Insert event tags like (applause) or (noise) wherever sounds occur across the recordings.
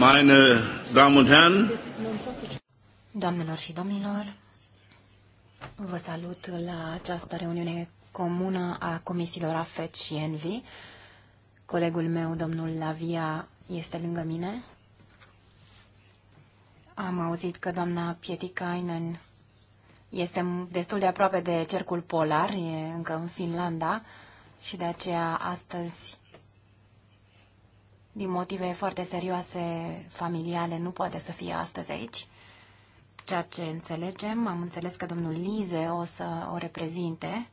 meine Damen und Herren. Doamnelor și domnilor, vă salut la această reuniune comună a comisiilor AFET și ENVI. Colegul meu, domnul Lavia, este lângă mine. Am auzit că doamna Pietikainen este destul de aproape de cercul polar, e încă în Finlanda și de aceea astăzi din motive foarte serioase familiale, nu poate să fie astăzi aici. Ceea ce înțelegem, am înțeles că domnul Lize o să o reprezinte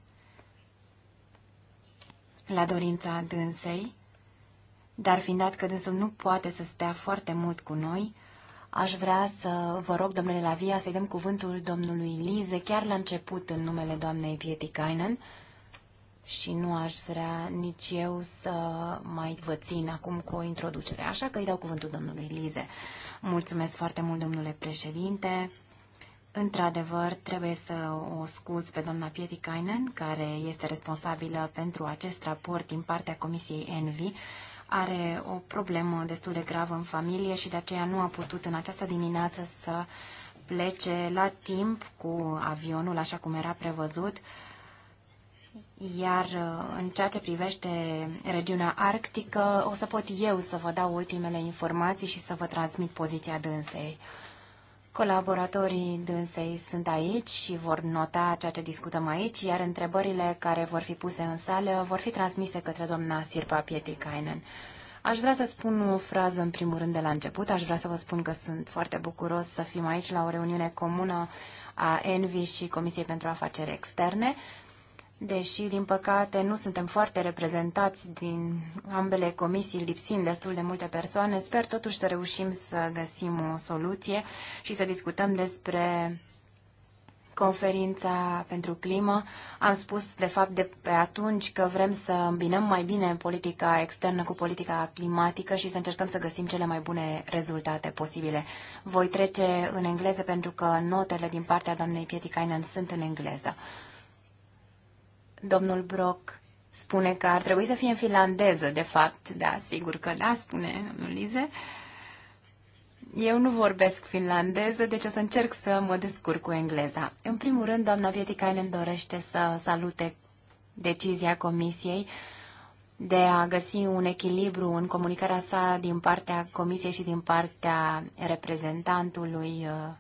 la dorința dânsei, dar fiind dat că dânsul nu poate să stea foarte mult cu noi, aș vrea să vă rog, domnule Lavia, să-i dăm cuvântul domnului Lize chiar la început în numele doamnei Pietikainen, Kainen, și nu aș vrea nici eu să mai vă țin acum cu o introducere, așa că îi dau cuvântul domnului Lize. Mulțumesc foarte mult, domnule președinte. Într-adevăr, trebuie să o scuz pe doamna Kainen, care este responsabilă pentru acest raport din partea Comisiei Envi. Are o problemă destul de gravă în familie și de aceea nu a putut în această dimineață să plece la timp cu avionul, așa cum era prevăzut iar uh, în ceea ce privește regiunea arctică, o să pot eu să vă dau ultimele informații și să vă transmit poziția dânsei. Colaboratorii dânsei sunt aici și vor nota ceea ce discutăm aici, iar întrebările care vor fi puse în sală vor fi transmise către doamna Sirpa Pietikainen. Aș vrea să spun o frază în primul rând de la început. Aș vrea să vă spun că sunt foarte bucuros să fim aici la o reuniune comună a ENVI și Comisiei pentru Afaceri Externe deși, din păcate, nu suntem foarte reprezentați din ambele comisii, lipsind destul de multe persoane, sper totuși să reușim să găsim o soluție și să discutăm despre conferința pentru climă. Am spus, de fapt, de pe atunci că vrem să îmbinăm mai bine politica externă cu politica climatică și să încercăm să găsim cele mai bune rezultate posibile. Voi trece în engleză pentru că notele din partea doamnei Pietikainen sunt în engleză. Domnul Brock spune că ar trebui să fie în finlandeză, de fapt, da, sigur că da, spune domnul Lize. Eu nu vorbesc finlandeză, deci o să încerc să mă descurc cu engleza. În primul rând, doamna Pietikainen dorește să salute decizia comisiei de a găsi un echilibru în comunicarea sa din partea comisiei și din partea reprezentantului uh,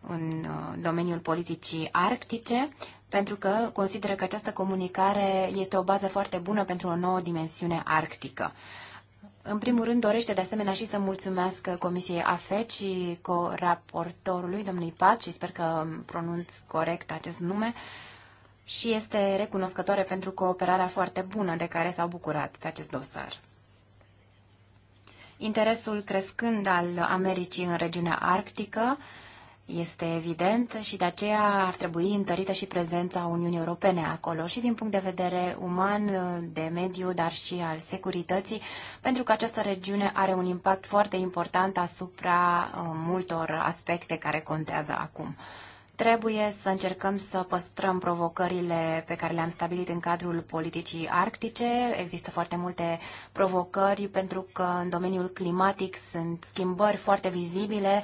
în uh, domeniul politicii arctice pentru că consideră că această comunicare este o bază foarte bună pentru o nouă dimensiune arctică. În primul rând, dorește de asemenea și să mulțumesc Comisiei AFET și co-raportorului, domnului Pat, și sper că pronunț corect acest nume, și este recunoscătoare pentru cooperarea foarte bună de care s-au bucurat pe acest dosar. Interesul crescând al Americii în regiunea arctică este evident și de aceea ar trebui întărită și prezența Uniunii Europene acolo și din punct de vedere uman, de mediu, dar și al securității, pentru că această regiune are un impact foarte important asupra uh, multor aspecte care contează acum. Trebuie să încercăm să păstrăm provocările pe care le-am stabilit în cadrul politicii arctice. Există foarte multe provocări pentru că în domeniul climatic sunt schimbări foarte vizibile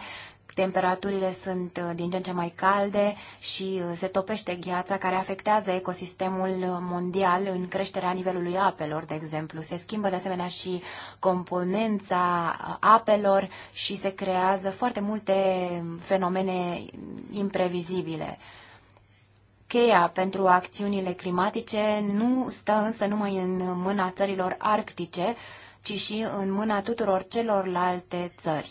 temperaturile sunt uh, din ce în ce mai calde și uh, se topește gheața care afectează ecosistemul mondial în creșterea nivelului apelor, de exemplu. Se schimbă de asemenea și componența uh, apelor și se creează foarte multe fenomene imprevizibile. Cheia pentru acțiunile climatice nu stă însă numai în mâna țărilor arctice, ci și în mâna tuturor celorlalte țări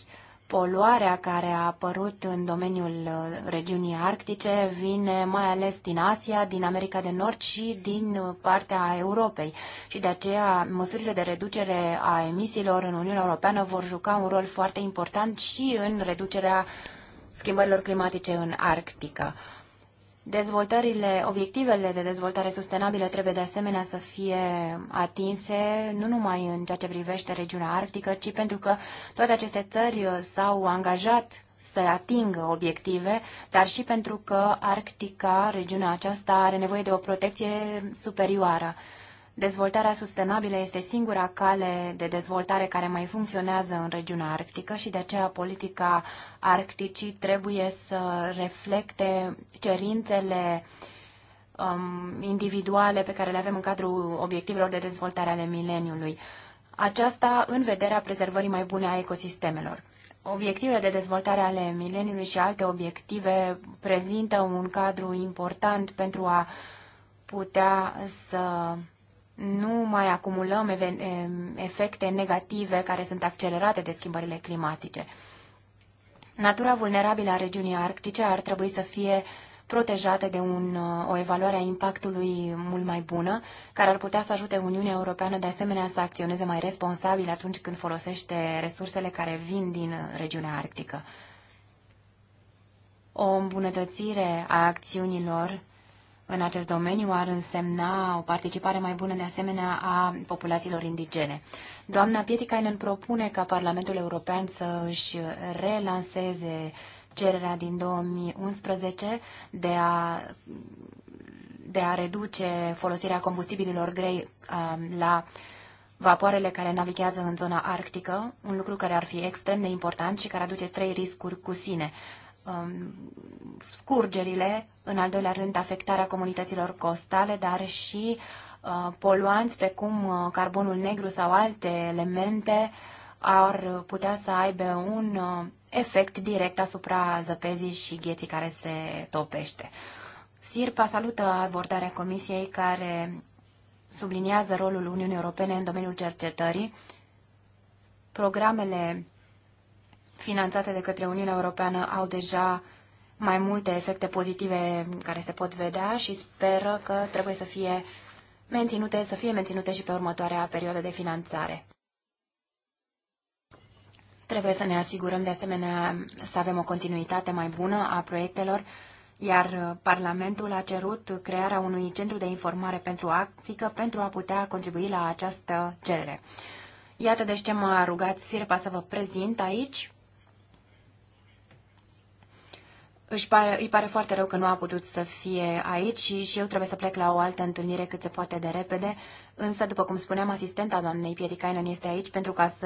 poluarea care a apărut în domeniul uh, regiunii arctice vine mai ales din Asia, din America de Nord și din uh, partea Europei. Și de aceea măsurile de reducere a emisiilor în Uniunea Europeană vor juca un rol foarte important și în reducerea schimbărilor climatice în Arctica. Dezvoltările, obiectivele de dezvoltare sustenabilă trebuie de asemenea să fie atinse, nu numai în ceea ce privește regiunea arctică, ci pentru că toate aceste țări uh, s-au angajat să atingă obiective, dar și pentru că Arctica, regiunea aceasta, are nevoie de o protecție superioară. Dezvoltarea sustenabilă este singura cale de dezvoltare care mai funcționează în regiunea arctică și de aceea politica arcticii trebuie să reflecte cerințele um, individuale pe care le avem în cadrul obiectivelor de dezvoltare ale mileniului. Aceasta în vederea prezervării mai bune a ecosistemelor. Obiectivele de dezvoltare ale mileniului și alte obiective prezintă un cadru important pentru a putea să nu mai acumulăm efecte negative care sunt accelerate de schimbările climatice. Natura vulnerabilă a regiunii arctice ar trebui să fie protejată de un, uh, o evaluare a impactului mult mai bună, care ar putea să ajute Uniunea Europeană de asemenea să acționeze mai responsabil atunci când folosește resursele care vin din uh, regiunea arctică. O îmbunătățire a acțiunilor în acest domeniu ar însemna o participare mai bună de asemenea a populațiilor indigene. Doamna Pietikainen propune ca Parlamentul European să își relanseze cererea din 2011 de a de a reduce folosirea combustibililor grei um, la vapoarele care navighează în zona arctică, un lucru care ar fi extrem de important și care aduce trei riscuri cu sine um, scurgerile, în al doilea rând afectarea comunităților costale, dar și uh, poluanți precum uh, carbonul negru sau alte elemente ar putea să aibă un uh, efect direct asupra zăpezii și gheții care se topește. SIRPA salută abordarea Comisiei care subliniază rolul Uniunii Europene în domeniul cercetării. Programele finanțate de către Uniunea Europeană au deja mai multe efecte pozitive care se pot vedea și speră că trebuie să fie menținute, să fie menținute și pe următoarea perioadă de finanțare. Trebuie să ne asigurăm de asemenea să avem o continuitate mai bună a proiectelor, iar Parlamentul a cerut crearea unui centru de informare pentru Africa pentru a putea contribui la această cerere. Iată deci ce m-a rugat Sirpa să vă prezint aici. își pare, îi pare foarte rău că nu a putut să fie aici și, și eu trebuie să plec la o altă întâlnire cât se poate de repede, însă, după cum spuneam, asistenta doamnei Piericainen este aici pentru ca să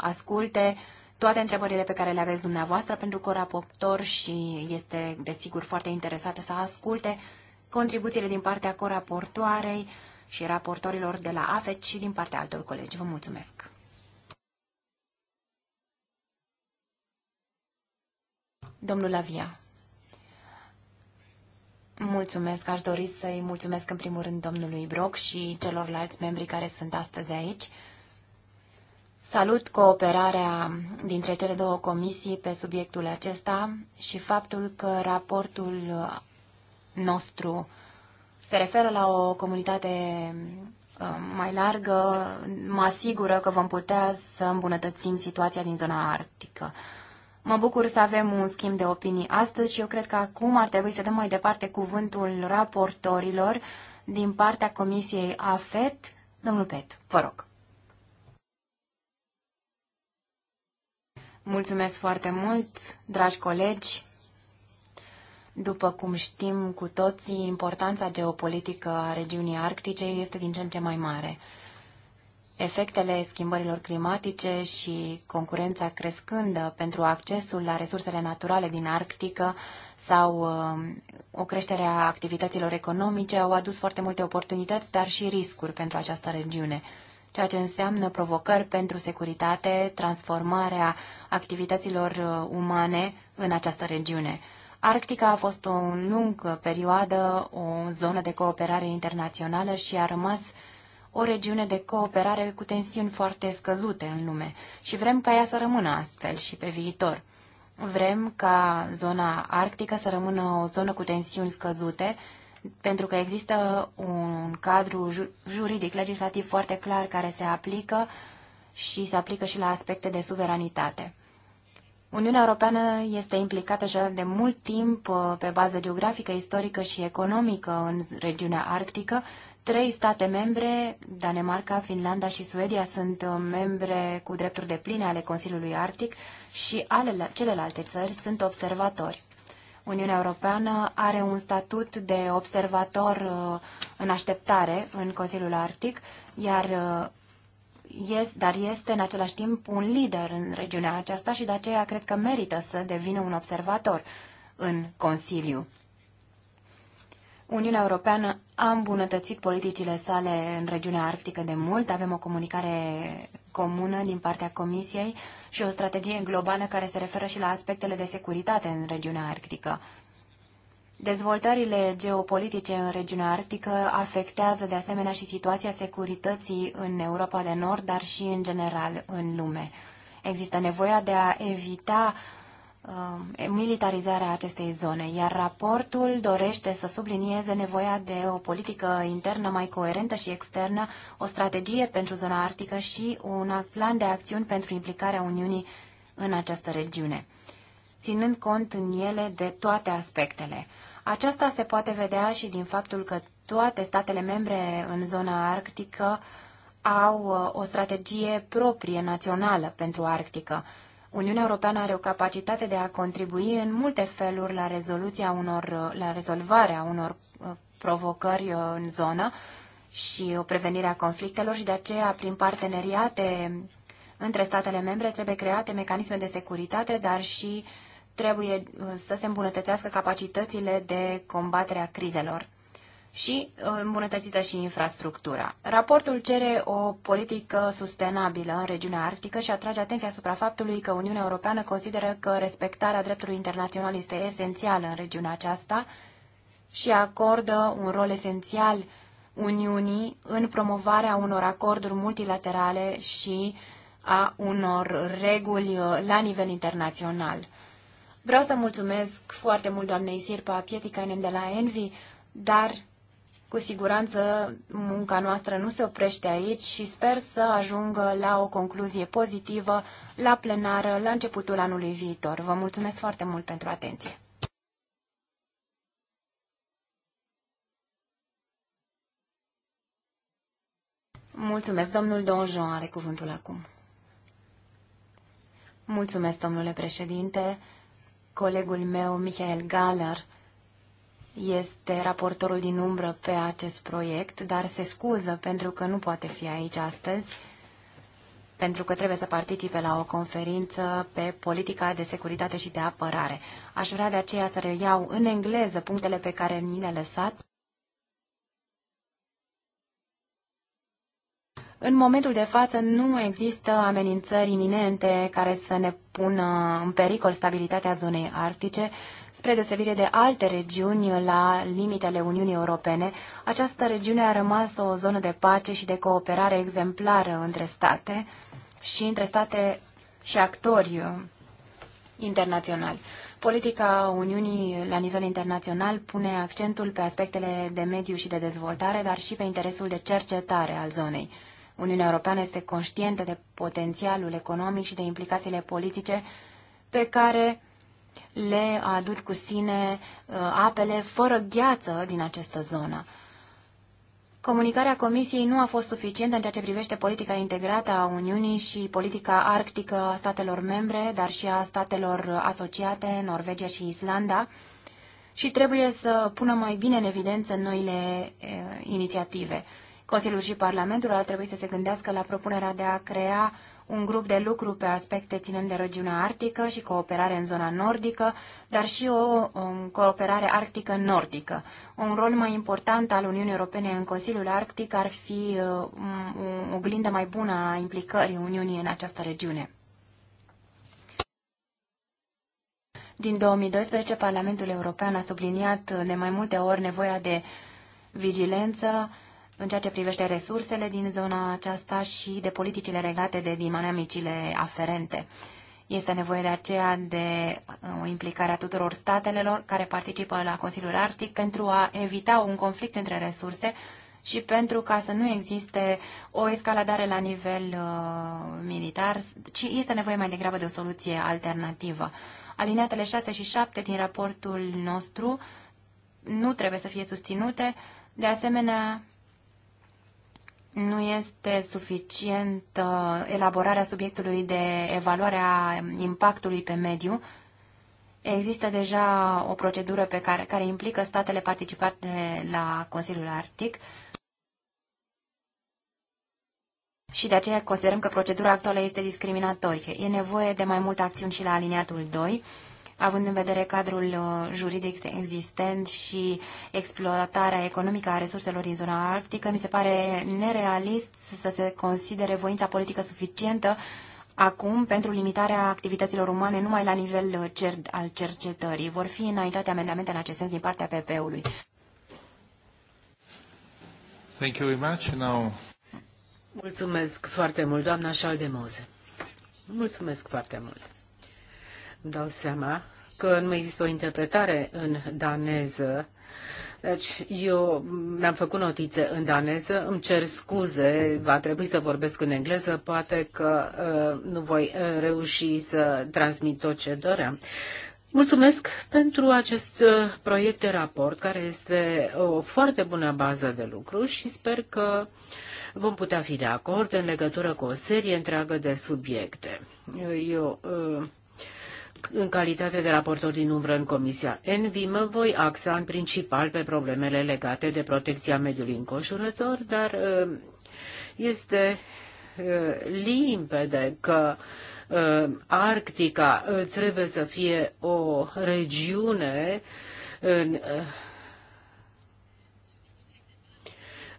asculte toate întrebările pe care le aveți dumneavoastră pentru coraportor și este, desigur, foarte interesată să asculte contribuțiile din partea coraportoarei și raportorilor de la AFET și din partea altor colegi. Vă mulțumesc! Domnul Lavia. Mulțumesc, aș dori să-i mulțumesc în primul rând domnului Brock și celorlalți membri care sunt astăzi aici. Salut cooperarea dintre cele două comisii pe subiectul acesta și faptul că raportul nostru se referă la o comunitate uh, mai largă, mă asigură că vom putea să îmbunătățim situația din zona arctică. Mă bucur să avem un schimb de opinii astăzi și eu cred că acum ar trebui să dăm mai departe cuvântul raportorilor din partea Comisiei AFET. Domnul Pet, vă rog. Mulțumesc foarte mult, dragi colegi. După cum știm cu toții, importanța geopolitică a regiunii arctice este din ce în ce mai mare efectele schimbărilor climatice și concurența crescândă pentru accesul la resursele naturale din Arctică sau um, o creștere a activităților economice au adus foarte multe oportunități, dar și riscuri pentru această regiune, ceea ce înseamnă provocări pentru securitate, transformarea activităților uh, umane în această regiune. Arctica a fost o lungă perioadă o zonă de cooperare internațională și a rămas o regiune de cooperare cu tensiuni foarte scăzute în lume și vrem ca ea să rămână astfel și pe viitor. Vrem ca zona arctică să rămână o zonă cu tensiuni scăzute, pentru că există un cadru juridic, legislativ foarte clar care se aplică și se aplică și la aspecte de suveranitate. Uniunea Europeană este implicată deja de mult timp uh, pe bază geografică, istorică și economică în regiunea arctică Trei state membre, Danemarca, Finlanda și Suedia, sunt uh, membre cu drepturi de pline ale Consiliului Arctic și ale, celelalte țări sunt observatori. Uniunea Europeană are un statut de observator uh, în așteptare în Consiliul Arctic, iar uh, dar este în același timp un lider în regiunea aceasta și de aceea cred că merită să devină un observator în Consiliu. Uniunea Europeană a îmbunătățit politicile sale în regiunea arctică de mult. Avem o comunicare comună din partea Comisiei și o strategie globală care se referă și la aspectele de securitate în regiunea arctică. Dezvoltările geopolitice în regiunea arctică afectează de asemenea și situația securității în Europa de Nord, dar și în general în lume. Există nevoia de a evita uh, Uh, militarizarea acestei zone, iar raportul dorește să sublinieze nevoia de o politică internă mai coerentă și externă, o strategie pentru zona arctică și un plan de acțiuni pentru implicarea Uniunii în această regiune, ținând cont în ele de toate aspectele. Aceasta se poate vedea și din faptul că toate statele membre în zona arctică au uh, o strategie proprie națională pentru Arctică Uniunea Europeană are o capacitate de a contribui în multe feluri la rezoluția unor, la rezolvarea unor uh, provocări uh, în zonă și o prevenire a conflictelor și de aceea prin parteneriate între statele membre trebuie create mecanisme de securitate, dar și trebuie uh, să se îmbunătățească capacitățile de combatere a crizelor și uh, îmbunătățită și infrastructura. Raportul cere o politică sustenabilă în regiunea arctică și atrage atenția asupra faptului că Uniunea Europeană consideră că respectarea dreptului internațional este esențială în regiunea aceasta și acordă un rol esențial Uniunii în promovarea unor acorduri multilaterale și a unor reguli uh, la nivel internațional. Vreau să mulțumesc foarte mult doamnei Sirpa Pieticainen de la Envi, dar cu siguranță munca noastră nu se oprește aici și sper să ajungă la o concluzie pozitivă la plenară la începutul anului viitor. Vă mulțumesc foarte mult pentru atenție. Mulțumesc, domnul Donjon are cuvântul acum. Mulțumesc, domnule președinte. Colegul meu, Michael Galler, este raportorul din umbră pe acest proiect, dar se scuză pentru că nu poate fi aici astăzi, pentru că trebuie să participe la o conferință pe politica de securitate și de apărare. Aș vrea de aceea să reiau în engleză punctele pe care ni le-a lăsat. În momentul de față nu există amenințări iminente care să ne pună în pericol stabilitatea zonei arctice, Spre deosebire de alte regiuni la limitele Uniunii Europene, această regiune a rămas o zonă de pace și de cooperare exemplară între state și între state și actori internaționali. Politica Uniunii la nivel internațional pune accentul pe aspectele de mediu și de dezvoltare, dar și pe interesul de cercetare al zonei. Uniunea Europeană este conștientă de potențialul economic și de implicațiile politice pe care le aduc cu sine uh, apele fără gheață din această zonă. Comunicarea Comisiei nu a fost suficientă în ceea ce privește politica integrată a Uniunii și politica arctică a statelor membre, dar și a statelor asociate, Norvegia și Islanda, și trebuie să pună mai bine în evidență noile e, uh, inițiative. Consiliul și Parlamentul ar trebui să se gândească la propunerea de a crea un grup de lucru pe aspecte ținând de regiunea arctică și cooperare în zona nordică, dar și o, o um, cooperare arctică-nordică. Un rol mai important al Uniunii Europene în Consiliul Arctic ar fi uh, um, o oglindă mai bună a implicării Uniunii în această regiune. Din 2012, Parlamentul European a subliniat de mai multe ori nevoia de vigilență, în ceea ce privește resursele din zona aceasta și de politicile legate de dinamicile aferente. Este nevoie de aceea de uh, o implicare a tuturor statelor care participă la Consiliul Arctic pentru a evita un conflict între resurse și pentru ca să nu existe o escaladare la nivel uh, militar, ci este nevoie mai degrabă de o soluție alternativă. Alineatele 6 și 7 din raportul nostru nu trebuie să fie susținute. De asemenea, nu este suficient elaborarea subiectului de evaluare a impactului pe mediu. Există deja o procedură pe care, care implică statele participante la Consiliul Arctic și de aceea considerăm că procedura actuală este discriminatorie. E nevoie de mai multă acțiuni și la aliniatul 2 având în vedere cadrul uh, juridic existent și exploatarea economică a resurselor din zona arctică, mi se pare nerealist să se considere voința politică suficientă acum pentru limitarea activităților umane numai la nivel uh, cer al cercetării. Vor fi înaintate amendamente în acest sens din partea PP-ului. Thank you very much. Now... Mulțumesc foarte mult, doamna Șaldemoze. Mulțumesc foarte mult. Îmi dau seama că nu există o interpretare în daneză. Deci eu mi-am făcut notițe în daneză, îmi cer scuze, va trebui să vorbesc în engleză, poate că uh, nu voi uh, reuși să transmit tot ce doream. Mulțumesc pentru acest uh, proiect de raport, care este o foarte bună bază de lucru și sper că vom putea fi de acord în legătură cu o serie întreagă de subiecte. Eu uh, în calitate de raportor din umbră în Comisia Envi, mă voi axa în principal pe problemele legate de protecția mediului înconjurător, dar uh, este uh, limpede că uh, Arctica trebuie să fie o regiune în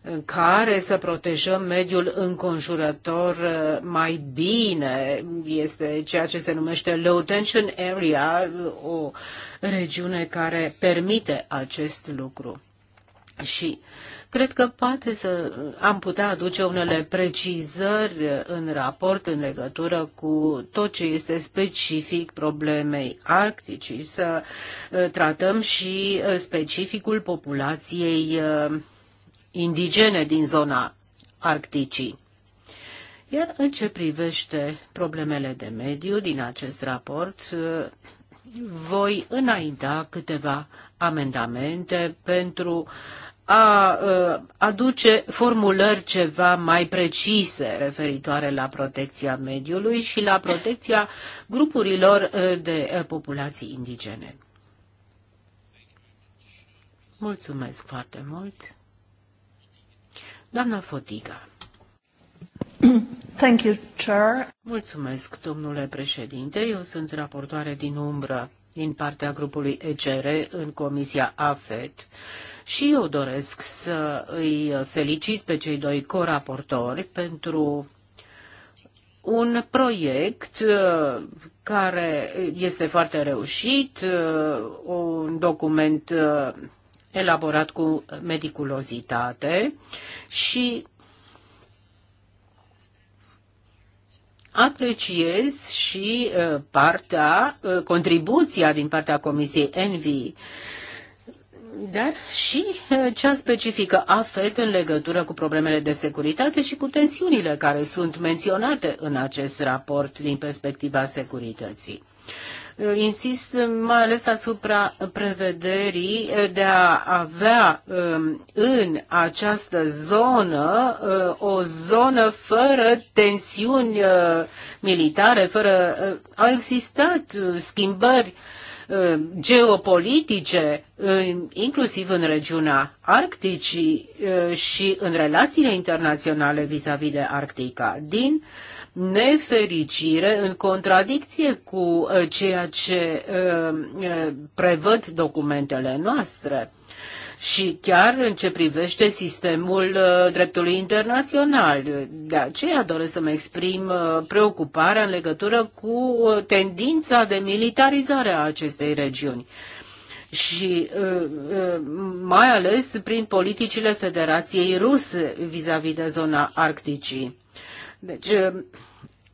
în care să protejăm mediul înconjurător uh, mai bine. Este ceea ce se numește low tension area, o regiune care permite acest lucru. Și cred că poate să am putea aduce unele precizări în raport în legătură cu tot ce este specific problemei arcticii, să uh, tratăm și uh, specificul populației indigene din zona Arcticii. Iar în ce privește problemele de mediu din acest raport, voi înainta câteva amendamente pentru a ă, aduce formulări ceva mai precise referitoare la protecția mediului și la protecția grupurilor ă, de populații indigene. Mulțumesc foarte mult. Doamna Fotiga. Thank you, Chair. Mulțumesc, domnule președinte. Eu sunt raportoare din umbră din partea grupului ECR în Comisia AFET și eu doresc să îi felicit pe cei doi coraportori pentru un proiect uh, care este foarte reușit, uh, un document uh, elaborat cu mediculozitate și apreciez și uh, partea, uh, contribuția din partea Comisiei Envi, dar și uh, cea specifică FED în legătură cu problemele de securitate și cu tensiunile care sunt menționate în acest raport din perspectiva securității. Insist mai ales asupra prevederii de a avea um, în această zonă uh, o zonă fără tensiuni uh, militare, fără. Uh, au existat schimbări geopolitice, inclusiv în regiunea Arcticii și în relațiile internaționale vis-a-vis -vis de Arctica. Din nefericire, în contradicție cu uh, ceea ce uh, uh, prevăd documentele noastre și chiar în ce privește sistemul dreptului internațional. De aceea doresc să-mi exprim preocuparea în legătură cu tendința de militarizare a acestei regiuni și mai ales prin politicile Federației Ruse vis-a-vis -vis de zona Arcticii. Deci uh,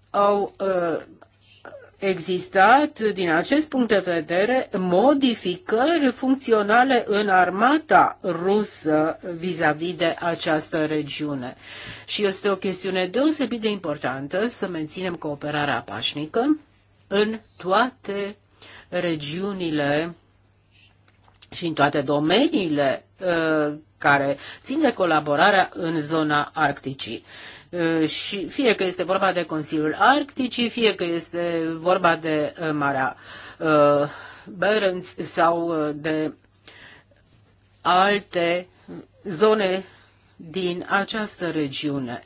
au uh, existat, din acest punct de vedere, modificări funcționale în armata rusă vis-a-vis -vis de această regiune. Și este o chestiune deosebit de importantă să menținem cooperarea pașnică în toate regiunile și în toate domeniile uh, care țin de colaborarea în zona Arcticii. Uh, și fie că este vorba de Consiliul Arcticii, fie că este vorba de uh, Marea uh, Barents sau de alte zone din această regiune,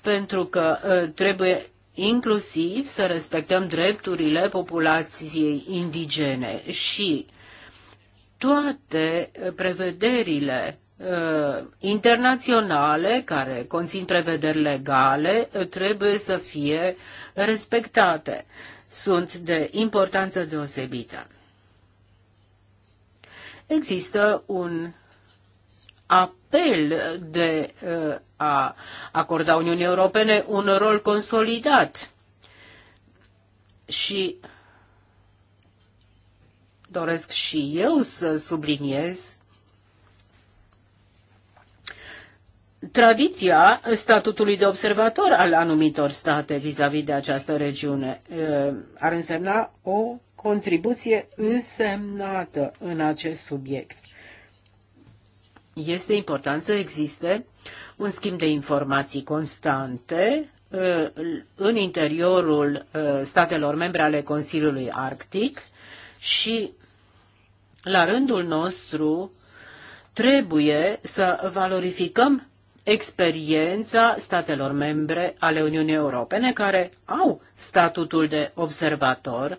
pentru că trebuie inclusiv să respectăm drepturile populației indigene și toate prevederile Uh, internaționale care conțin prevederi legale uh, trebuie să fie respectate. Sunt de importanță deosebită. Există un apel de uh, a acorda Uniunii Europene un rol consolidat și doresc și eu să subliniez tradiția statutului de observator al anumitor state vis-a-vis -vis de această regiune. Ar însemna o contribuție însemnată în acest subiect. Este important să existe un schimb de informații constante în interiorul statelor membre ale Consiliului Arctic și, la rândul nostru, trebuie să valorificăm experiența statelor membre ale Uniunii Europene care au statutul de observator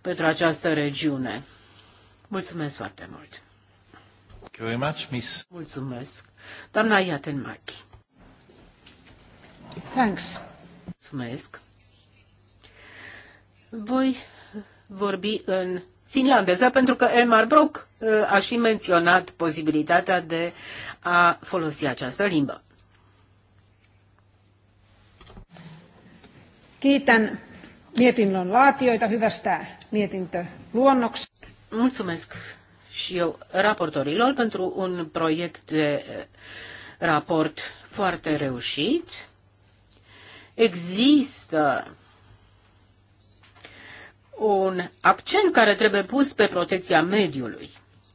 pentru această regiune. Mulțumesc foarte mult! Mulțumesc! Doamna Iatenmachi. Thanks. Mulțumesc! Voi vorbi în finlandeză, pentru că Elmar Brock uh, a și menționat posibilitatea de a folosi această limbă. Kiitän mietinnön laatioita hyvästä luonnoksesta. Mulțumesc și eu raportorilor pentru un proiect de uh, raport foarte reușit. Există un accent care trebuie pus pe protecția mediului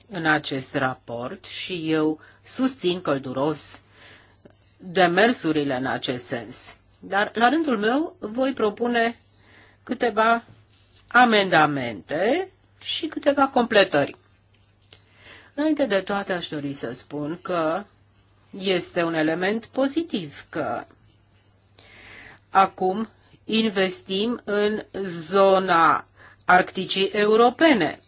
în acest raport și eu susțin călduros demersurile în acest sens. Dar, la rândul meu, voi propune câteva amendamente și câteva completări. Înainte de toate, aș dori să spun că este un element pozitiv că acum investim în zona Arcticii Europene.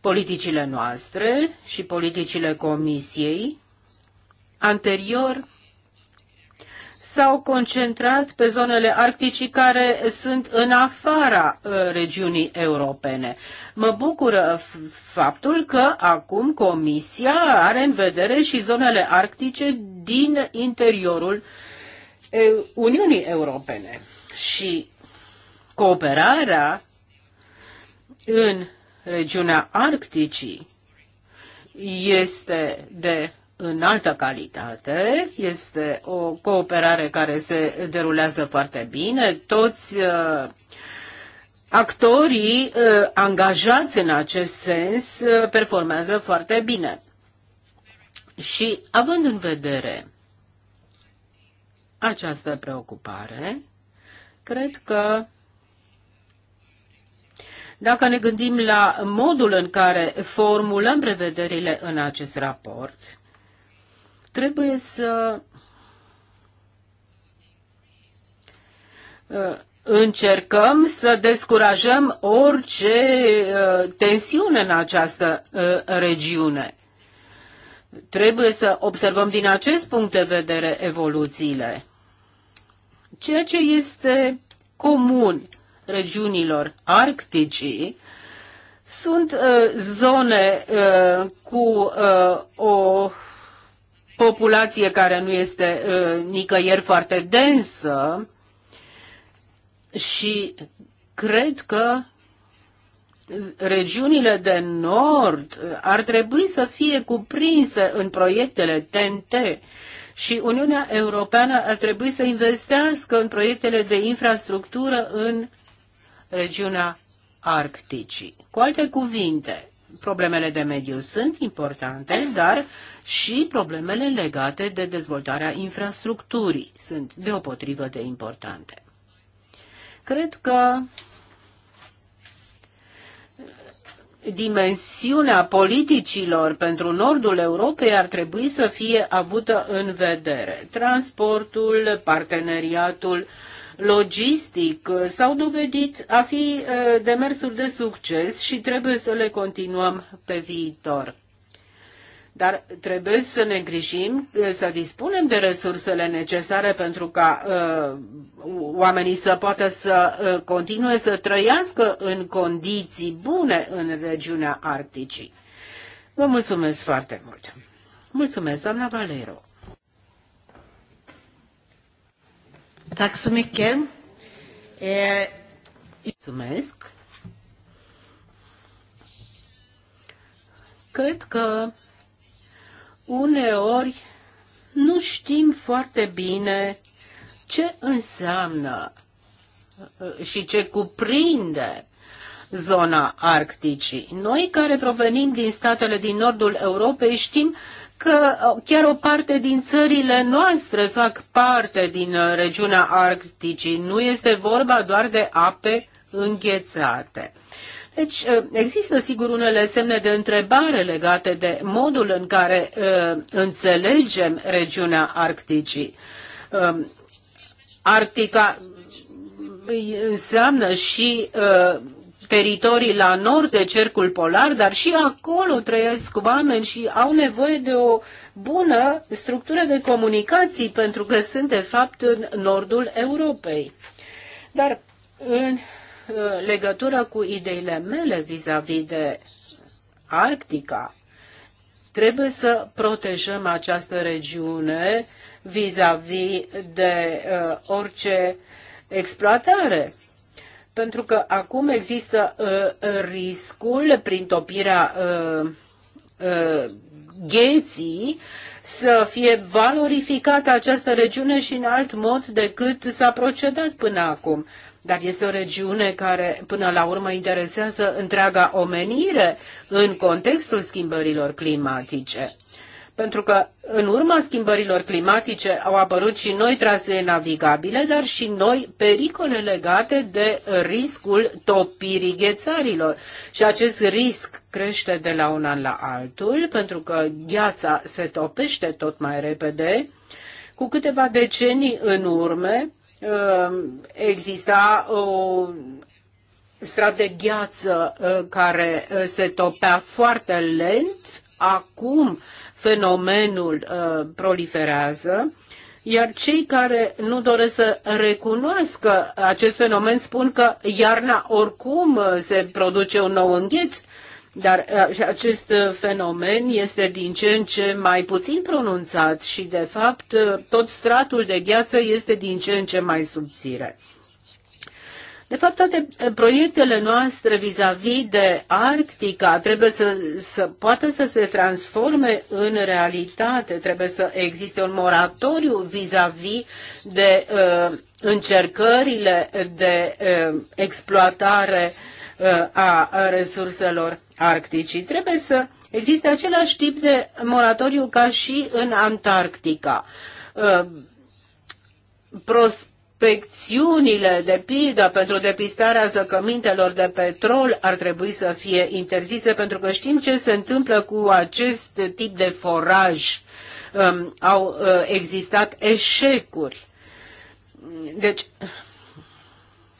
Politicile noastre și politicile Comisiei anterior s-au concentrat pe zonele arcticii care sunt în afara uh, regiunii europene. Mă bucură faptul că acum Comisia are în vedere și zonele arctice din interiorul uh, Uniunii Europene. Și cooperarea în regiunea Arcticii este de înaltă calitate, este o cooperare care se derulează foarte bine. Toți uh, actorii uh, angajați în acest sens uh, performează foarte bine. Și având în vedere această preocupare, cred că dacă ne gândim la modul în care formulăm prevederile în acest raport, trebuie să uh, încercăm să descurajăm orice uh, tensiune în această uh, regiune. Trebuie să observăm din acest punct de vedere evoluțiile. Ceea ce este comun regiunilor arctice sunt uh, zone uh, cu uh, o populație care nu este uh, nicăieri foarte densă și cred că regiunile de nord uh, ar trebui să fie cuprinse în proiectele TNT și Uniunea Europeană ar trebui să investească în proiectele de infrastructură în regiunea Arcticii. Cu alte cuvinte, problemele de mediu sunt importante, dar și problemele legate de dezvoltarea infrastructurii sunt deopotrivă de importante. Cred că dimensiunea politicilor pentru nordul Europei ar trebui să fie avută în vedere. Transportul, parteneriatul uh, logistic uh, s-au dovedit a fi uh, demersuri de succes și trebuie să le continuăm pe viitor. Dar trebuie să ne îngrijim, uh, să dispunem de resursele necesare pentru ca uh, oamenii să poată să uh, continue să trăiască în condiții bune în regiunea Arcticii. Vă mulțumesc foarte mult! Mulțumesc, doamna Valero! Tack så mycket. Eh, mulțumesc. Cred că uneori nu știm foarte bine ce înseamnă eh, și ce cuprinde zona Arcticii. Noi care provenim din statele din nordul Europei știm uh, că uh, chiar o parte din țările noastre fac parte din uh, regiunea Arcticii. Nu este vorba doar de ape înghețate. Deci uh, există sigur unele semne de întrebare legate de modul în care uh, înțelegem regiunea Arcticii. Uh, Arctica mm, înseamnă și uh, teritorii la nord de cercul polar, dar și acolo trăiesc oameni și au nevoie de o bună structură de comunicații pentru că sunt de fapt în nordul Europei. Dar în uh, legătură cu ideile mele vis-a-vis -vis de Arctica, trebuie să protejăm această regiune vis-a-vis -vis de uh, orice exploatare pentru că acum există uh, uh, riscul, prin topirea uh, uh, gheții, să fie valorificată această regiune și în alt mod decât s-a procedat până acum dar este o regiune care până la urmă interesează întreaga omenire în contextul schimbărilor climatice pentru că în urma schimbărilor climatice au apărut și noi trasee navigabile, dar și noi pericole legate de riscul topirii ghețarilor. Și acest risc crește de la un an la altul, pentru că gheața se topește tot mai repede. Cu câteva decenii în urmă um, exista o strat de gheață uh, care uh, se topea foarte lent, acum fenomenul uh, proliferează, iar cei care nu doresc să recunoască acest fenomen spun că iarna oricum uh, se produce un nou îngheț, dar uh, acest uh, fenomen este din ce în ce mai puțin pronunțat și, de fapt, tot stratul de gheață este din ce în ce mai subțire. De fapt, toate eh, proiectele noastre vis-a-vis -vis de Arctica trebuie să, să poată să se transforme în realitate, trebuie să existe un moratoriu vis-a-vis -vis de uh, încercările de uh, exploatare uh, a resurselor arctici. Trebuie să existe același tip de moratoriu ca și în Antarctica. Uh, inspecțiunile de pildă pentru depistarea zăcămintelor de petrol ar trebui să fie interzise, pentru că știm ce se întâmplă cu acest tip de foraj. Um, au uh, existat eșecuri. Deci,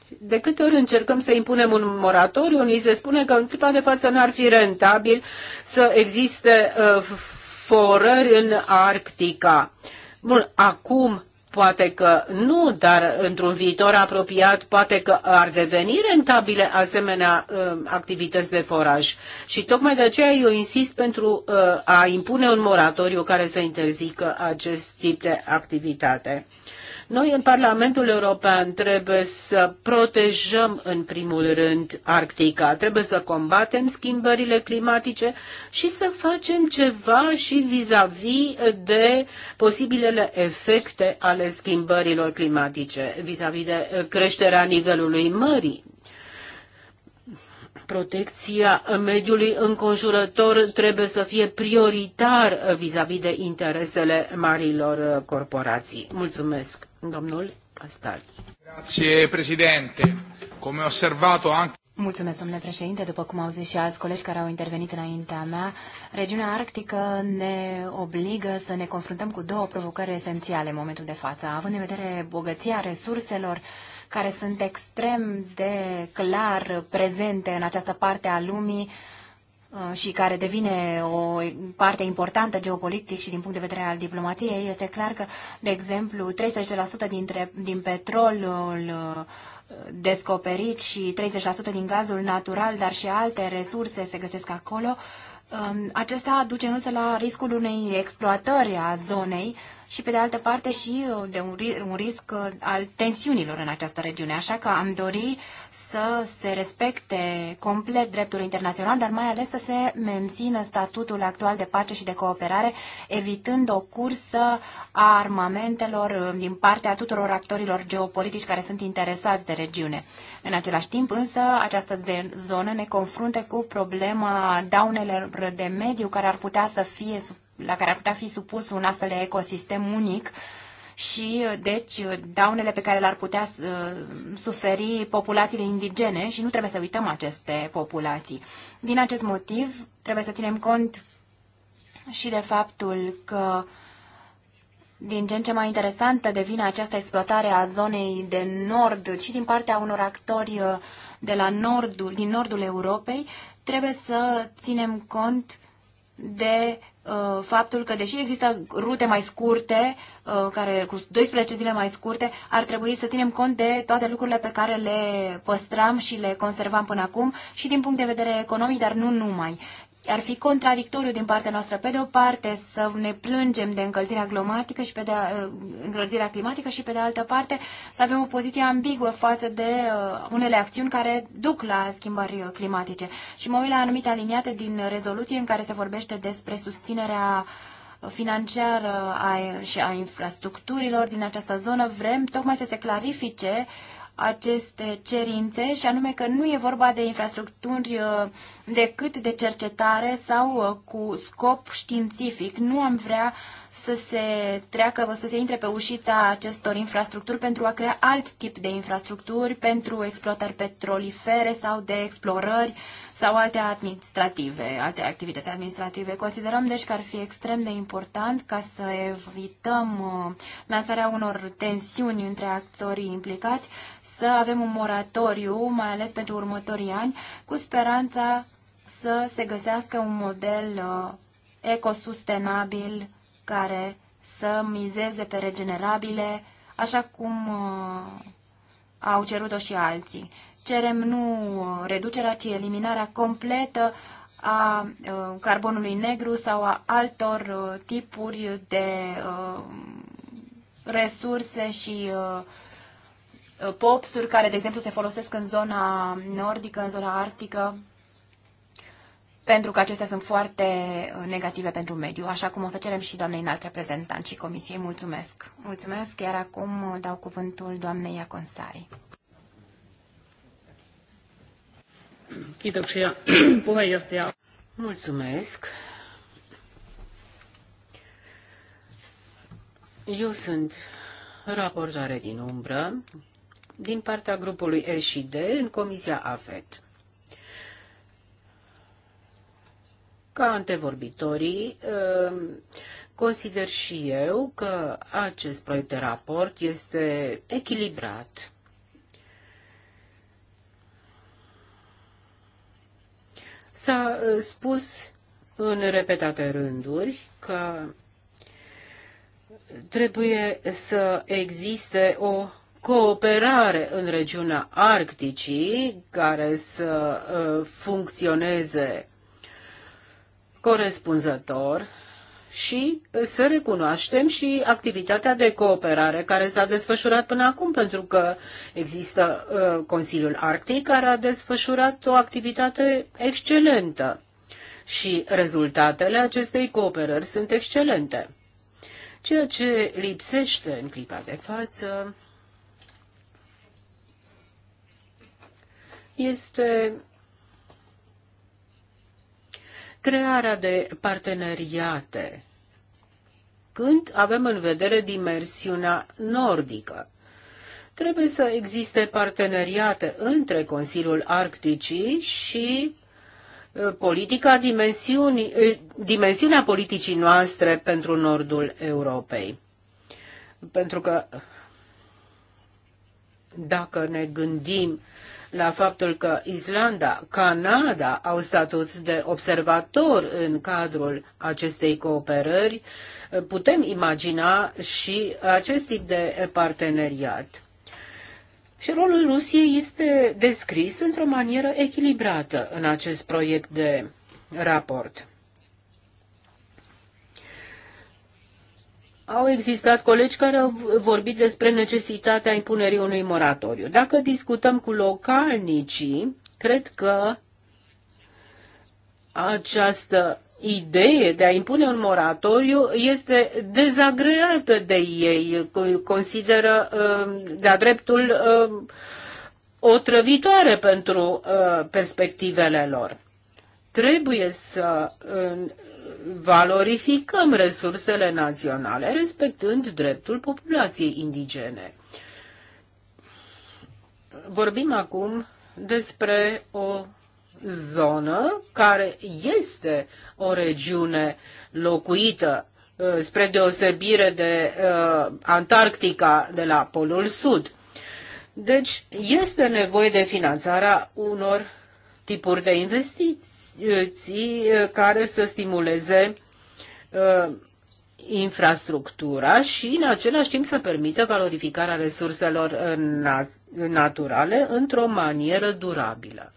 de câte ori încercăm să impunem un moratoriu, ni se spune că în clipa de față n-ar fi rentabil să existe uh, forări în Arctica. Bun, acum Poate că nu, dar într-un viitor apropiat poate că ar deveni rentabile asemenea uh, activități de foraj. Și tocmai de aceea eu insist pentru uh, a impune un moratoriu care să interzică acest tip de activitate. Uh, noi în Parlamentul European trebuie să protejăm în primul rând Arctica, trebuie să combatem schimbările climatice și să facem ceva și vis-a-vis de posibilele efecte ale schimbărilor climatice, vis-a-vis de creșterea nivelului mării, protecția mediului înconjurător trebuie să fie prioritar vis-a-vis -vis de interesele marilor corporații. Mulțumesc! domnul Castal. Grazie, președinte. Cum am observat anche... Mulțumesc, domnule președinte. După cum au zis și alți colegi care au intervenit înaintea mea, regiunea arctică ne obligă să ne confruntăm cu două provocări esențiale în momentul de față, având în vedere bogăția resurselor care sunt extrem de clar prezente în această parte a lumii, Uh, și care devine o parte importantă geopolitic și din punct de vedere al diplomației, este clar că, de exemplu, 13% dintre, din petrolul uh, descoperit și 30% din gazul natural, dar și alte resurse se găsesc acolo. Um, acesta aduce însă la riscul unei exploatări a zonei și, pe de altă parte, și uh, de un risc al tensiunilor în această regiune. Așa că am dori să se respecte complet dreptul internațional, dar mai ales să se mențină statutul actual de pace și de cooperare, evitând o cursă a armamentelor um, din partea tuturor actorilor geopolitici care sunt interesați de regiune. În același timp, însă, această zonă ne confruntă cu problema daunelor de mediu care ar putea să fie, la care ar putea fi supus un astfel de ecosistem unic, uh, și, uh, deci, uh, daunele pe care le-ar putea uh, suferi populațiile indigene și nu trebuie să uităm aceste populații. Din acest motiv, trebuie să ținem cont și de faptul că din ce în ce mai interesantă devine această exploatare a zonei de nord și din partea unor actori de la nordul, din nordul Europei, trebuie să ținem cont de Uh, faptul că, deși există rute mai scurte, uh, care cu 12 zile mai scurte, ar trebui să ținem cont de toate lucrurile pe care le păstram și le conservam până acum și din punct de vedere economic, dar nu numai ar fi contradictoriu din partea noastră, pe de o parte, să ne plângem de încălzirea climatică și pe de, ă, încălzirea climatică și pe de altă parte să avem o poziție ambiguă față de uh, unele acțiuni care duc la schimbări climatice. Și mă uit la anumite aliniate din rezoluție în care se vorbește despre susținerea financiară a, și a infrastructurilor din această zonă. Vrem tocmai să se clarifice uh, aceste cerințe și anume că nu e vorba de infrastructuri uh, decât de cercetare sau uh, cu scop științific. Nu am vrea să se treacă, să se intre pe ușița acestor infrastructuri pentru a crea alt tip de infrastructuri pentru exploatări petrolifere sau de explorări sau alte administrative, alte activități administrative. Considerăm deci că ar fi extrem de important ca să evităm uh, lansarea unor tensiuni între actorii implicați, să avem un moratoriu, mai ales pentru următorii ani, cu speranța să se găsească un model uh, ecosustenabil care să mizeze pe regenerabile, așa cum uh, au cerut-o și alții. Cerem nu uh, reducerea, ci eliminarea completă a carbonului negru sau a altor tipuri de resurse și uh, Uh, popsuri care, de exemplu, se folosesc în zona nordică, în zona arctică, pentru că acestea sunt foarte uh, negative pentru mediu, așa cum o să cerem și doamnei înalt reprezentant și comisiei. Mulțumesc! Mulțumesc! Iar acum dau cuvântul doamnei Iaconsari. (clears throat) Mulțumesc. Eu sunt raportoare din umbră din partea grupului S și D în Comisia AFET. Ca antevorbitorii, um, consider și eu că acest proiect de raport este echilibrat. S-a uh, spus în repetate rânduri că trebuie să existe o cooperare în regiunea Arcticii care să uh, funcționeze corespunzător și să recunoaștem și activitatea de cooperare care s-a desfășurat până acum, pentru că există uh, Consiliul Arctic care a desfășurat o activitate excelentă și rezultatele acestei cooperări sunt excelente. Ceea ce lipsește în clipa de față este crearea de parteneriate când avem în vedere dimensiunea nordică. Trebuie să existe parteneriate între Consiliul Arcticii și uh, politica dimensiunii uh, dimensiunea politicii noastre pentru nordul Europei. Pentru că dacă ne gândim la faptul că Islanda, Canada au statut de observator în cadrul acestei cooperări, putem imagina și acest tip de parteneriat. Și rolul Rusiei este descris într-o manieră echilibrată în acest proiect de raport. au existat colegi care au vorbit despre necesitatea impunerii unui moratoriu. Dacă discutăm cu localnicii, cred că această idee de a impune un moratoriu este dezagreată de ei, consideră uh, de-a dreptul uh, o trăvitoare pentru uh, perspectivele lor. Trebuie să valorificăm resursele naționale, respectând dreptul populației indigene. Vorbim acum despre o zonă care este o regiune locuită uh, spre deosebire de uh, Antarctica de la Polul Sud. Deci este nevoie de finanțarea unor tipuri de investiții investiții uh, care să stimuleze uh, infrastructura și în același timp să permită valorificarea resurselor uh, naturale într-o manieră durabilă.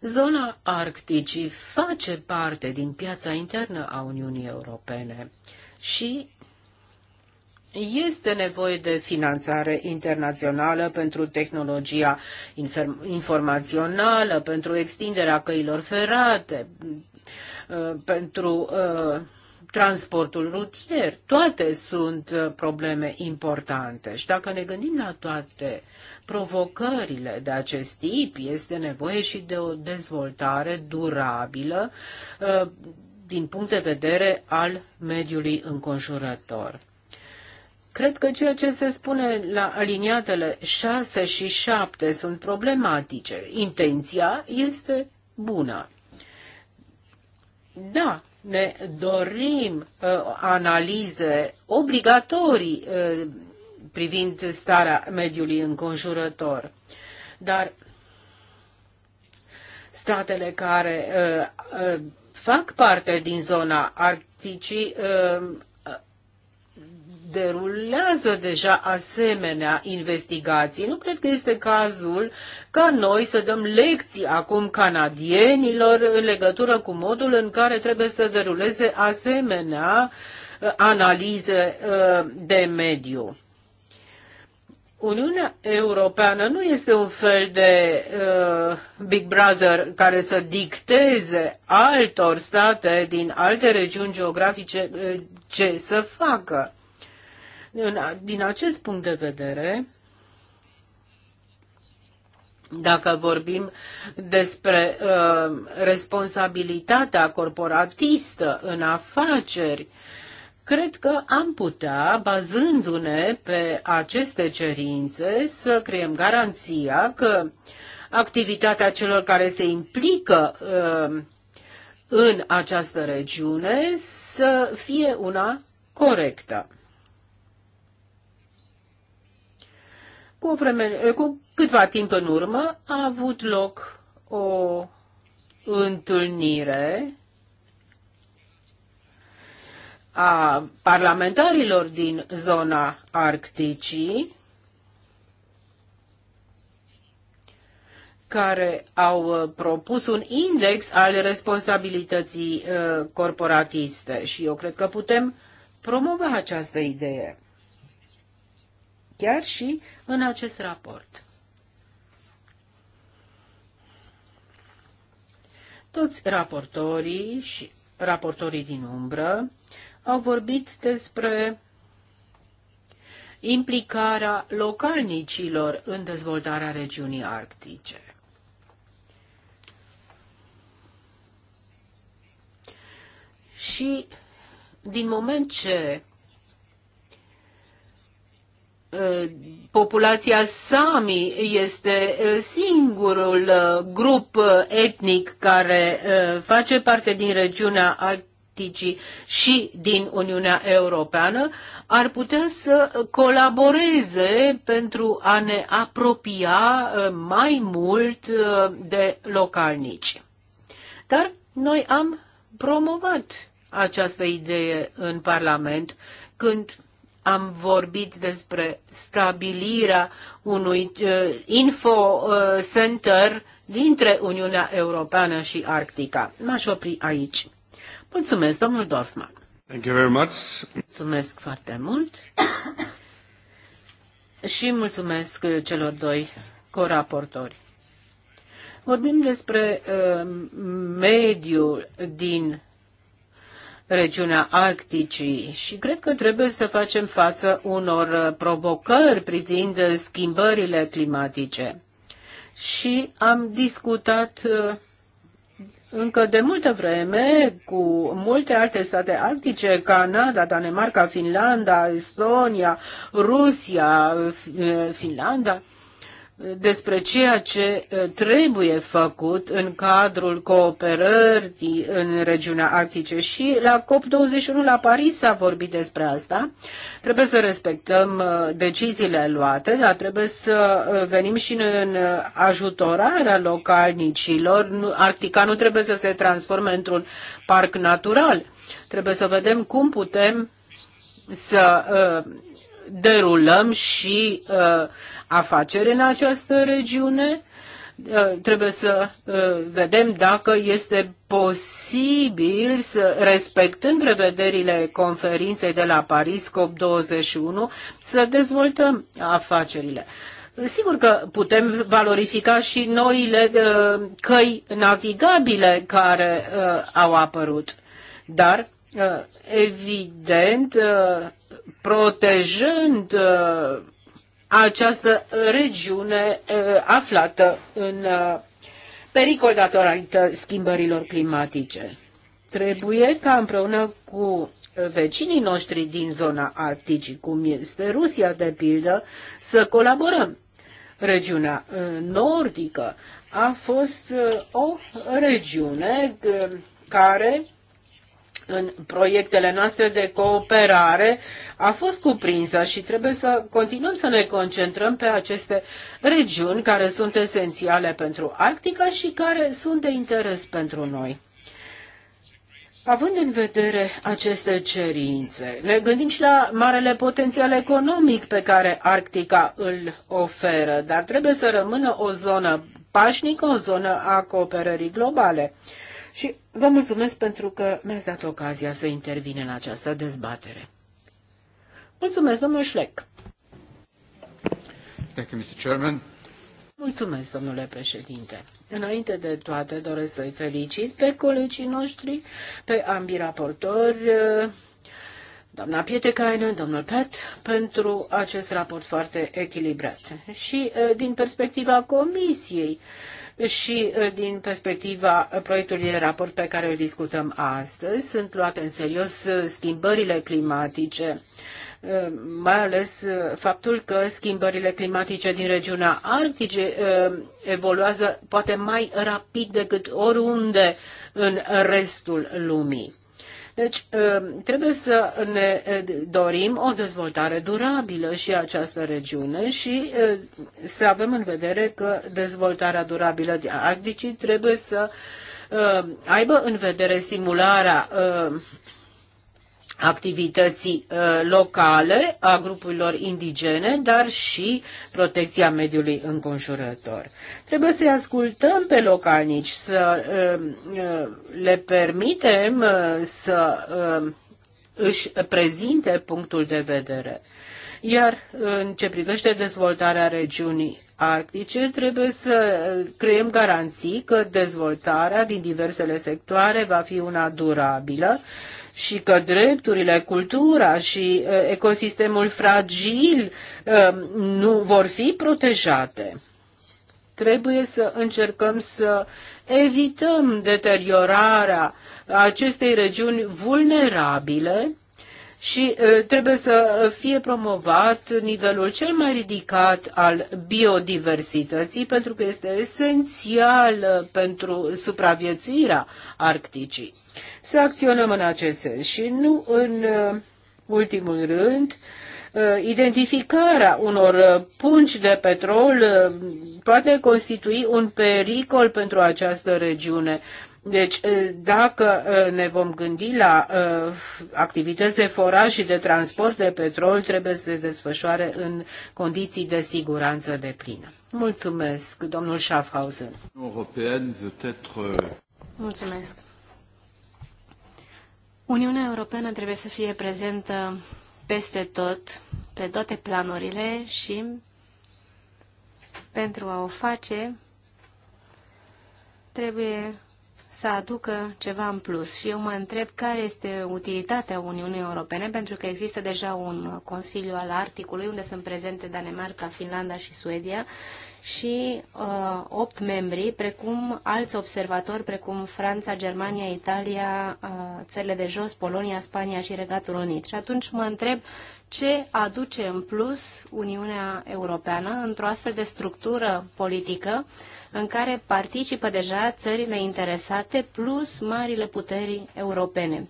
Zona Arcticii face parte din piața internă a Uniunii Europene și este nevoie de finanțare internațională pentru tehnologia informațională, pentru extinderea căilor ferate, uh, pentru uh, transportul rutier. Toate sunt uh, probleme importante și dacă ne gândim la toate provocările de acest tip, este nevoie și de o dezvoltare durabilă din punct de vedere al mediului înconjurător. Cred că ceea ce se spune la aliniatele 6 și 7 sunt problematice. Intenția este bună. Da, ne dorim uh, analize obligatorii uh, privind starea mediului înconjurător. Dar statele care uh, uh, fac parte din zona Arcticii uh, derulează deja asemenea investigații. Nu cred că este cazul ca noi să dăm lecții acum canadienilor în legătură cu modul în care trebuie să deruleze asemenea uh, analize uh, de mediu. Uniunea Europeană nu este un fel de uh, Big Brother care să dicteze altor state din alte regiuni geografice uh, ce să facă. Din acest punct de vedere, dacă vorbim despre uh, responsabilitatea corporatistă în afaceri, cred că am putea, bazându-ne pe aceste cerințe, să creăm garanția că activitatea celor care se implică uh, în această regiune să fie una corectă. Cu, o vreme, eh, cu câtva timp în urmă a avut loc o întâlnire a parlamentarilor din zona Arcticii care au eh, propus un index al responsabilității eh, corporatiste și eu cred că putem promova această idee chiar și în acest raport. Toți raportorii și raportorii din umbră au vorbit despre implicarea localnicilor în dezvoltarea regiunii arctice. Și din moment ce Uh, populația Sami este uh, singurul uh, grup etnic care face parte din regiunea Arcticii și din Uniunea Europeană, ar putea să colaboreze pentru a ne apropia mai mult de localnici. Dar noi am promovat această idee în Parlament când am vorbit despre stabilirea unui uh, info uh, center dintre Uniunea Europeană și Arctica. M-aș opri aici. Mulțumesc, domnul Dorfman. Thank you very much. Mulțumesc foarte mult. și mulțumesc celor doi coraportori. Vorbim despre uh, mediul din regiunea Arcticii și cred că trebuie să facem față unor uh, provocări privind uh, schimbările climatice. Și am discutat uh, încă de multă vreme cu multe alte state arctice, Canada, Danemarca, Finlanda, Estonia, Rusia, Finlanda, despre ceea ce trebuie făcut în cadrul cooperării în regiunea arctice și la COP21 la Paris s-a vorbit despre asta. Trebuie să respectăm deciziile luate, dar trebuie să venim și în ajutorarea localnicilor. Arctica nu trebuie să se transforme într-un parc natural. Trebuie să vedem cum putem să uh, derulăm și uh, afaceri în această regiune. Uh, trebuie să uh, vedem dacă este posibil să, respectând prevederile conferinței de la Paris COP21, să dezvoltăm afacerile. Sigur că putem valorifica și noile uh, căi navigabile care uh, au apărut, dar Uh, evident, uh, protejând uh, această regiune aflată în pericol datorită schimbărilor climatice. Trebuie ca împreună cu vecinii noștri din zona Arcticii, cum este Rusia, de pildă, să colaborăm. Regiunea nordică a fost o regiune care în proiectele noastre de cooperare a fost cuprinsă și trebuie să continuăm să ne concentrăm pe aceste regiuni care sunt esențiale pentru Arctica și care sunt de interes pentru noi. Având în vedere aceste cerințe, ne gândim și la marele potențial economic pe care Arctica îl oferă, dar trebuie să rămână o zonă pașnică, o zonă a cooperării globale și vă mulțumesc pentru că mi-ați dat ocazia să intervin în această dezbatere. Mulțumesc, domnul Schleck. Thank you, Mr. Chairman. Mulțumesc, domnule președinte. Înainte de toate, doresc să-i felicit pe colegii noștri, pe ambii raportori, doamna Pietecaină, domnul Pet, pentru acest raport foarte echilibrat. Și din perspectiva comisiei, și uh, din perspectiva proiectului de raport pe care îl discutăm astăzi, sunt luate în serios uh, schimbările climatice, uh, mai ales faptul că schimbările climatice din regiunea Arctice evoluează poate mai rapid decât oriunde în restul lumii. Deci uh, trebuie să ne uh, dorim o dezvoltare durabilă și această regiune și uh, să avem în vedere că dezvoltarea durabilă de Arcticii trebuie să aibă în vedere stimularea activității uh, locale a grupurilor indigene, dar și protecția mediului înconjurător. Trebuie să-i ascultăm pe localnici, să uh, uh, le permitem să își prezinte punctul de vedere. Iar în ce privește dezvoltarea regiunii arctice, trebuie să creăm garanții că dezvoltarea din diversele sectoare va fi una durabilă și că drepturile, cultura și uh, ecosistemul fragil uh, nu vor fi protejate. Trebuie să încercăm să evităm deteriorarea acestei regiuni vulnerabile și trebuie să fie promovat nivelul cel mai ridicat al biodiversității, pentru că este esențial pentru supraviețuirea Arcticii. Să acționăm în acest sens și nu în ultimul rând, identificarea unor pungi de petrol poate constitui un pericol pentru această regiune. Deci, dacă ne vom gândi la activități de foraj și de transport de petrol, trebuie să se desfășoare în condiții de siguranță de plină. Mulțumesc, domnul Schaffhausen. Mulțumesc. Uniunea Europeană trebuie să fie prezentă peste tot, pe toate planurile și pentru a o face trebuie să aducă ceva în plus. Și eu mă întreb care este utilitatea Uniunii Europene, pentru că există deja un Consiliu al Articului, unde sunt prezente Danemarca, Finlanda și Suedia și uh, 8 membri, precum alți observatori, precum Franța, Germania, Italia, uh, țările de jos, Polonia, Spania și Regatul Unit. Și atunci mă întreb ce aduce în plus Uniunea Europeană într-o astfel de structură politică în care participă deja țările interesate plus marile puteri europene.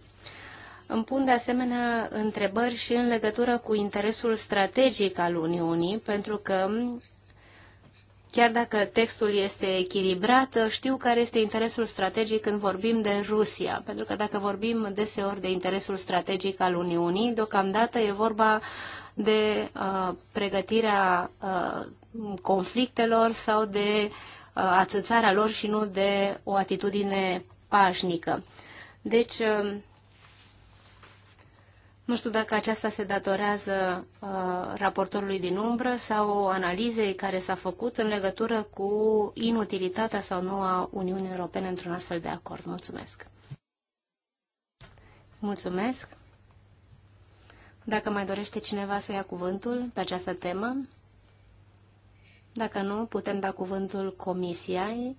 Îmi pun de asemenea întrebări și în legătură cu interesul strategic al Uniunii, pentru că Chiar dacă textul este echilibrat, știu care este interesul strategic când vorbim de Rusia, pentru că dacă vorbim deseori de interesul strategic al Uniunii, deocamdată e vorba de uh, pregătirea uh, conflictelor sau de uh, atâțarea lor și nu de o atitudine pașnică. Deci, uh, nu știu dacă aceasta se datorează uh, raportorului din umbră sau analizei care s-a făcut în legătură cu inutilitatea sau nu a Uniunii Europene într-un astfel de acord. Mulțumesc! Mulțumesc! Dacă mai dorește cineva să ia cuvântul pe această temă, dacă nu, putem da cuvântul Comisiei,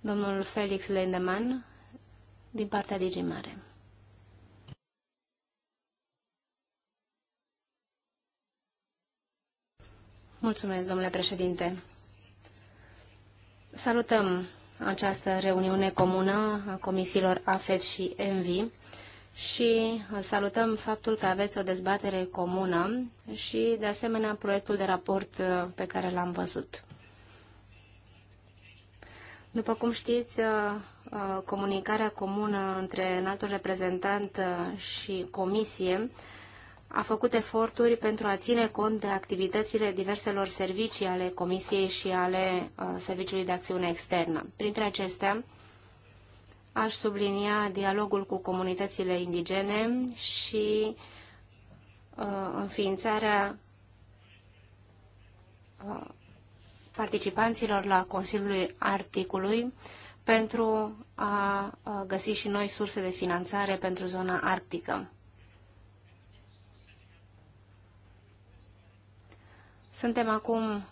domnul Felix Lendeman, din partea Digimare. Mare. Mulțumesc, domnule președinte. Salutăm această reuniune comună a comisiilor AFET și ENVI și salutăm faptul că aveți o dezbatere comună și, de asemenea, proiectul de raport uh, pe care l-am văzut. După cum știți, uh, uh, comunicarea comună între înaltul reprezentant și comisie a făcut eforturi pentru a ține cont de activitățile diverselor servicii ale Comisiei și ale uh, Serviciului de Acțiune Externă. Printre acestea, aș sublinia dialogul cu comunitățile indigene și uh, înființarea uh, participanților la Consiliul Articului pentru a uh, găsi și noi surse de finanțare pentru zona arctică. Suntem acum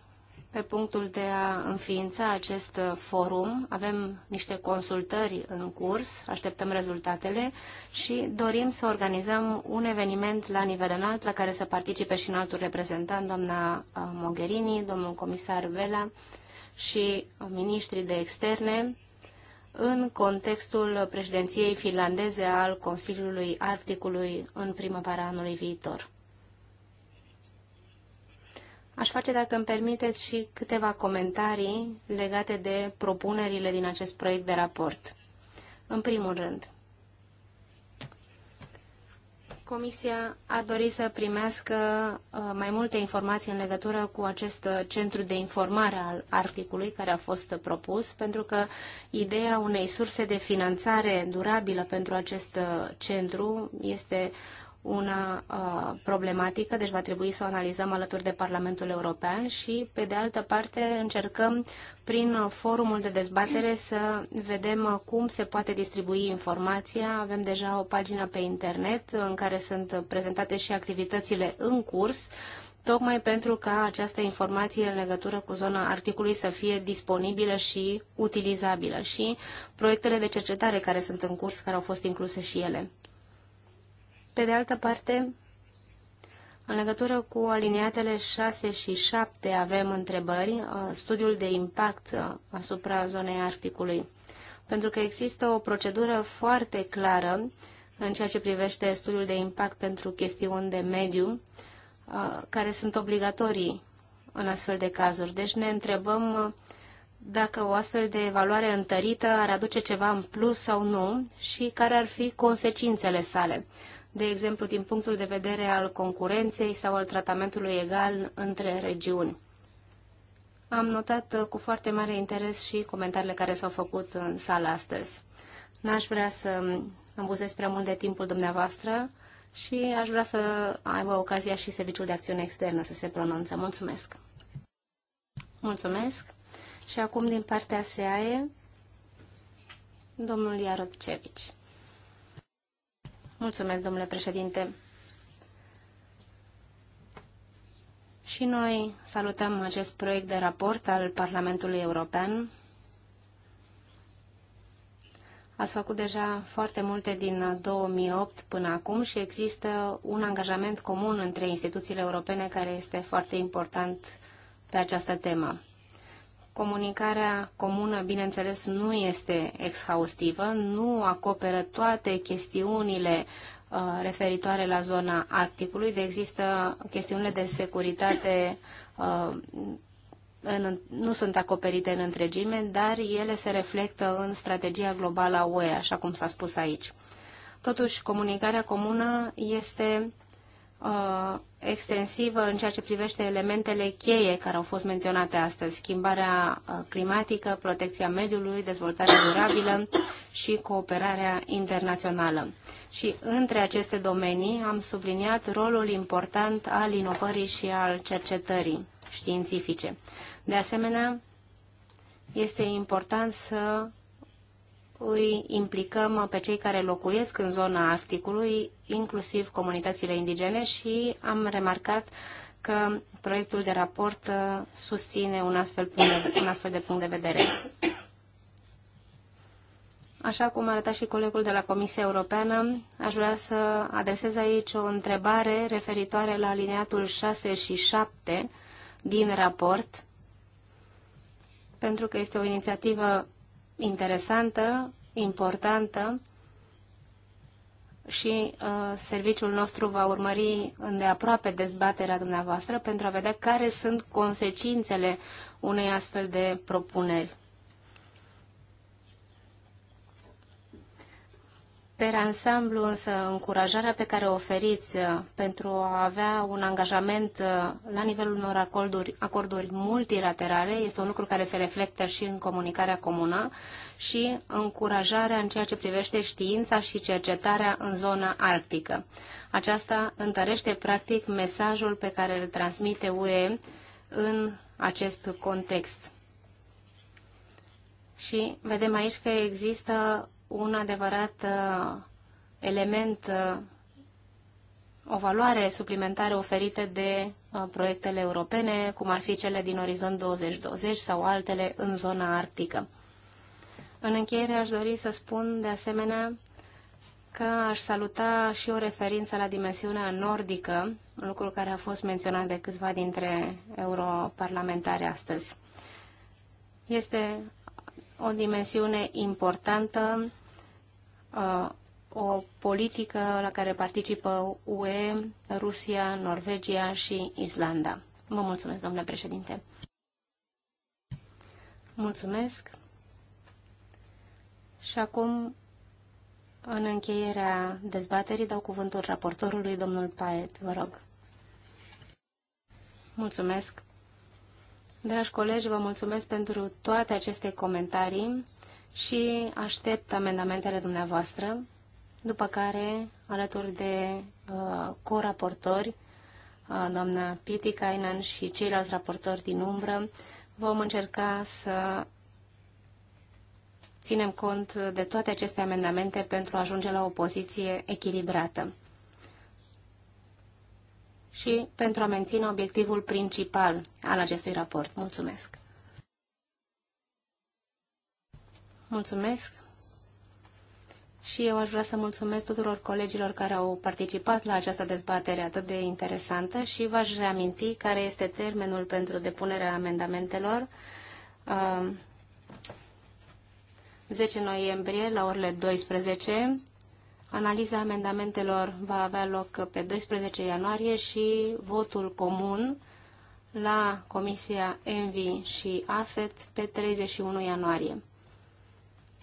pe punctul de a înființa acest forum. Avem niște consultări în curs, așteptăm rezultatele și dorim să organizăm un eveniment la nivel înalt la care să participe și în altul reprezentant, doamna uh, Mogherini, domnul comisar Vela și uh, ministrii de externe în contextul președinției finlandeze al Consiliului Arcticului în primăvara anului viitor. Aș face, dacă îmi permiteți, și câteva comentarii legate de propunerile din acest proiect de raport. În primul rând, Comisia a dorit să primească uh, mai multe informații în legătură cu acest uh, centru de informare al articului care a fost propus, pentru că ideea unei surse de finanțare durabilă pentru acest uh, centru este una uh, problematică, deci va trebui să o analizăm alături de Parlamentul European și, pe de altă parte, încercăm prin forumul de dezbatere să vedem cum se poate distribui informația. Avem deja o pagină pe internet în care sunt prezentate și activitățile în curs, tocmai pentru ca această informație în legătură cu zona Arcticului să fie disponibilă și utilizabilă și proiectele de cercetare care sunt în curs, care au fost incluse și ele. Pe de altă parte, în legătură cu aliniatele 6 și 7 avem întrebări, uh, studiul de impact uh, asupra zonei Arcticului, pentru că există o procedură foarte clară în ceea ce privește studiul de impact pentru chestiuni de mediu, uh, care sunt obligatorii în astfel de cazuri. Deci ne întrebăm dacă o astfel de evaluare întărită ar aduce ceva în plus sau nu și care ar fi consecințele sale de exemplu din punctul de vedere al concurenței sau al tratamentului egal între regiuni. Am notat uh, cu foarte mare interes și comentariile care s-au făcut în sală astăzi. N-aș vrea să îmbuzez prea mult de timpul dumneavoastră și aș vrea să aibă ocazia și Serviciul de Acțiune Externă să se pronunțe. Mulțumesc! Mulțumesc! Și acum din partea SEAE, domnul Cevici. Mulțumesc, domnule președinte. Și noi salutăm acest proiect de raport al Parlamentului European. Ați făcut deja foarte multe din 2008 până acum și există un angajament comun între instituțiile europene care este foarte important pe această temă. Comunicarea comună, bineînțeles, nu este exhaustivă, nu acoperă toate chestiunile uh, referitoare la zona Arcticului, de există chestiunile de securitate uh, în, nu sunt acoperite în întregime, dar ele se reflectă în strategia globală a UE, așa cum s-a spus aici. Totuși, comunicarea comună este uh, extensivă în ceea ce privește elementele cheie care au fost menționate astăzi, schimbarea uh, climatică, protecția mediului, dezvoltarea durabilă și cooperarea internațională. Și între aceste domenii am subliniat rolul important al inovării și al cercetării științifice. De asemenea, este important să îi implicăm pe cei care locuiesc în zona Arcticului, inclusiv comunitățile indigene și am remarcat că proiectul de raport uh, susține un astfel, punct de, un astfel de punct de vedere. Așa cum arăta și colegul de la Comisia Europeană, aș vrea să adresez aici o întrebare referitoare la alineatul 6 și 7 din raport, pentru că este o inițiativă interesantă, importantă și uh, serviciul nostru va urmări îndeaproape dezbaterea dumneavoastră pentru a vedea care sunt consecințele unei astfel de propuneri. Per ansamblu, însă, încurajarea pe care o oferiți uh, pentru a avea un angajament uh, la nivelul unor acorduri, acorduri multilaterale este un lucru care se reflectă și în comunicarea comună și încurajarea în ceea ce privește știința și cercetarea în zona arctică. Aceasta întărește, practic, mesajul pe care îl transmite UE în acest context. Și vedem aici că există un adevărat uh, element, uh, o valoare suplimentară oferită de uh, proiectele europene, cum ar fi cele din Orizont 2020 sau altele în zona arctică. În încheiere aș dori să spun de asemenea că aș saluta și o referință la dimensiunea nordică, un lucru care a fost menționat de câțiva dintre europarlamentari astăzi. Este o dimensiune importantă, uh, o politică la care participă UE, Rusia, Norvegia și Islanda. Vă mulțumesc, domnule președinte. Mulțumesc. Și acum, în încheierea dezbaterii, dau cuvântul raportorului, domnul Paet. Vă rog. Mulțumesc. Dragi colegi, vă mulțumesc pentru toate aceste comentarii și aștept amendamentele dumneavoastră, după care, alături de uh, coraportori, uh, doamna Kainan și ceilalți raportori din umbră, vom încerca să ținem cont de toate aceste amendamente pentru a ajunge la o poziție echilibrată și pentru a menține obiectivul principal al acestui raport. Mulțumesc! Mulțumesc! Și eu aș vrea să mulțumesc tuturor colegilor care au participat la această dezbatere atât de interesantă și v-aș reaminti care este termenul pentru depunerea amendamentelor. 10 uh, noiembrie la orele 12 Analiza amendamentelor va avea loc pe 12 ianuarie și votul comun la Comisia Envi și AFET pe 31 ianuarie.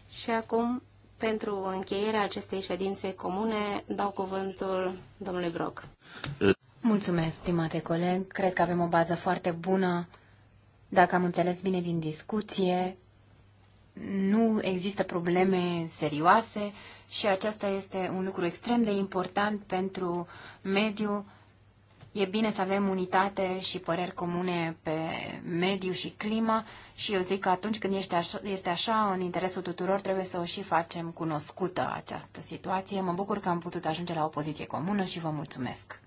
Și acum, pentru încheierea acestei ședințe comune, dau cuvântul domnului Broc. Mulțumesc, stimate coleg. Cred că avem o bază foarte bună. Dacă am înțeles bine din discuție, nu există probleme serioase și acesta este un lucru extrem de important pentru mediu. E bine să avem unitate și păreri comune pe mediu și climă și eu zic că atunci când este așa, este așa, în interesul tuturor, trebuie să o și facem cunoscută această situație. Mă bucur că am putut ajunge la o poziție comună și vă mulțumesc.